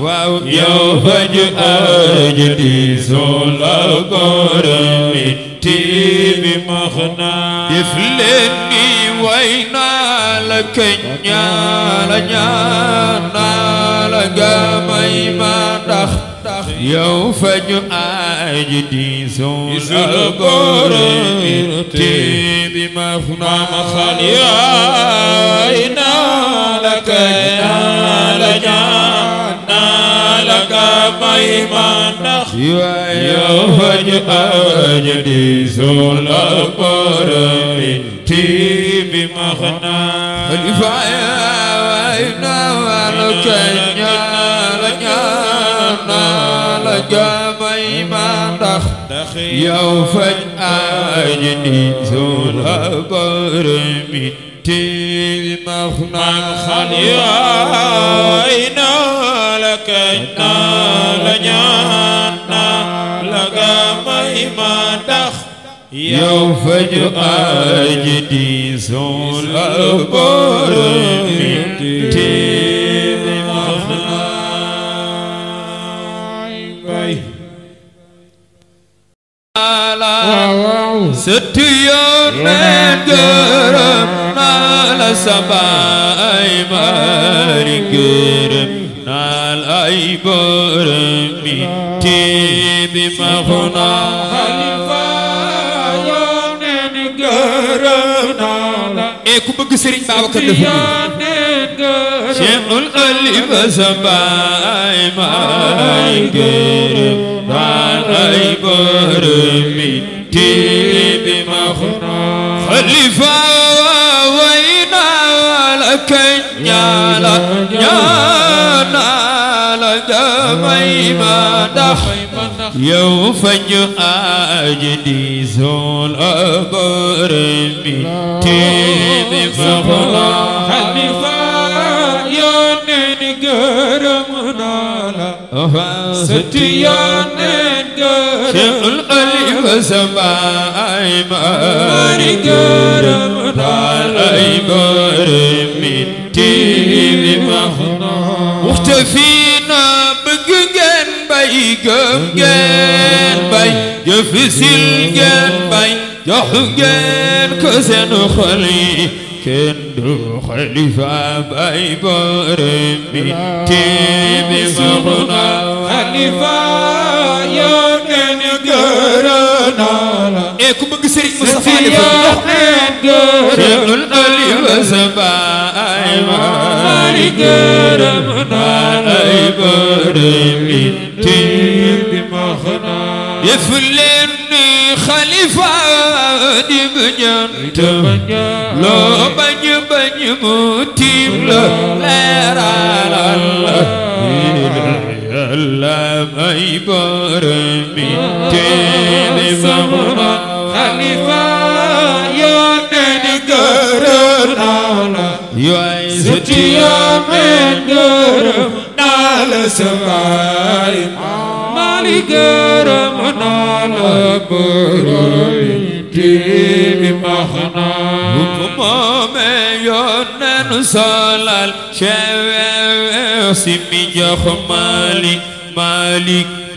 waaw yow faj aaj diisoo la góorami tiimi max naa def leen ni way naa la kañ ñaa la ñaan naa la gamay maa yow fa a aaju diisoo la borom te bi ma fu ma xal la kay la ñaan la ka may ma ndax yow fa ñu aaju diisoo la borom te bi ma xanaa xalifa yaay naa la kay la ñaan يا فجأة يا فجأة فجأجني ذو الأبر من تيل مخنا خلينا لك لجانا لك ما دخ يو فجأجني ذو الأبر من تيل Sütüyor ben görüm Nal sabay mari görüm Nal ay görüm Tibi mahuna halifa Yonen görüm e, Nal E kubuk sering bawa ke Syekhul Ali basampai mai gerem Rai bermiti yow fañu aaji di sol abaram bi teemi soxla xalifa yoneen gërëm naa la sëti yoneen gërëm sama ay maar gërëm daal ay gërëm minti bi max waxta fii na bëgg ngeen bay gëm ngeen bay jëf sil ngeen bay jox ngeen ko seen xol yi kenn du xalifa bay bërëm minti bi max xalifa yoo Serigne Moustapha Yàlla may borom mi xalifa yoo ne di gërëm naa la yooy suti yoo meen gërëm naa la naa la borom diimi maxna moome yoo nen si mi jox maali maalik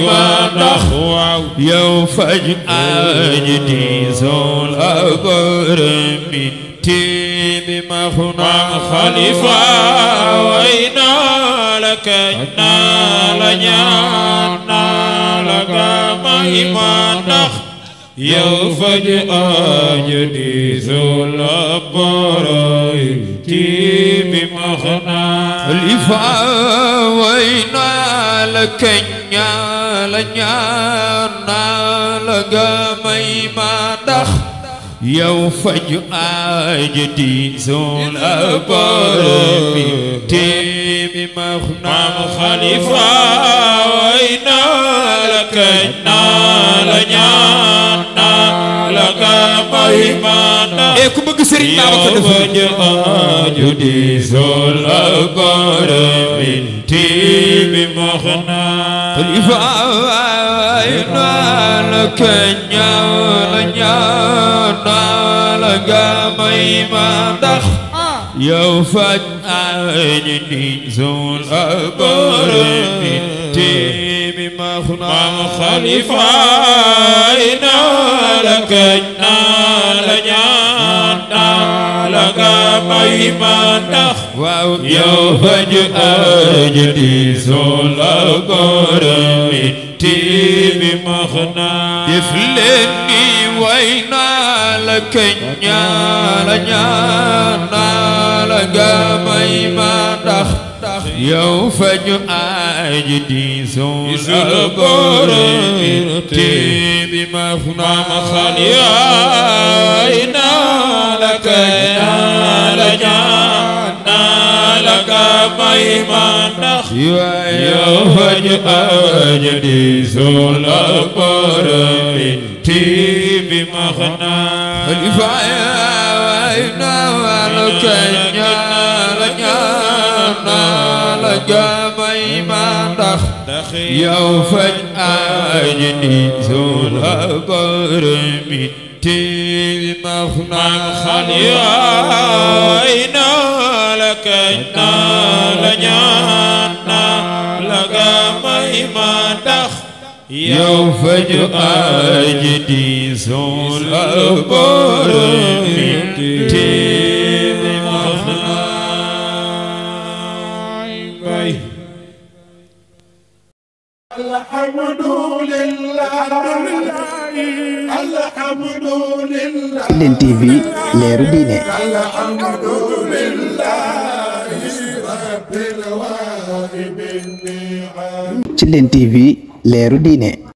ma ndax yow faj aaj diisoon la gërëm bi tiimi ma xuna xalifa way naa la kañ naa la ñaan naa la gama yi ma ndax yow faj aaj diisoon la boroy xalifa way naa la kañ ñaa la ñaan naa la nga may ma ndax yow faj aajo diisoon la borom bi téemi ma Serigne Babacar dafa yow faj aañu ni zul abarami timi maxna xalifa ina la kañ naa nga may ma ndax waaw di soo la gorami tiimi max naa def leen ni way naa la kañ la ñaan naa la nga may ma ndax yow faj aj di soo la gorami tiimi max naa ma xal yaay naa ndax yow a añu di sola borom bi tibi max naa xalifa waay na wàllu kañ bi tibi yow faju aji di soolal borom mi tiimi maxnaay bay alhamdulillah Ndindy TV leeru diine ci Lene TV leeru diine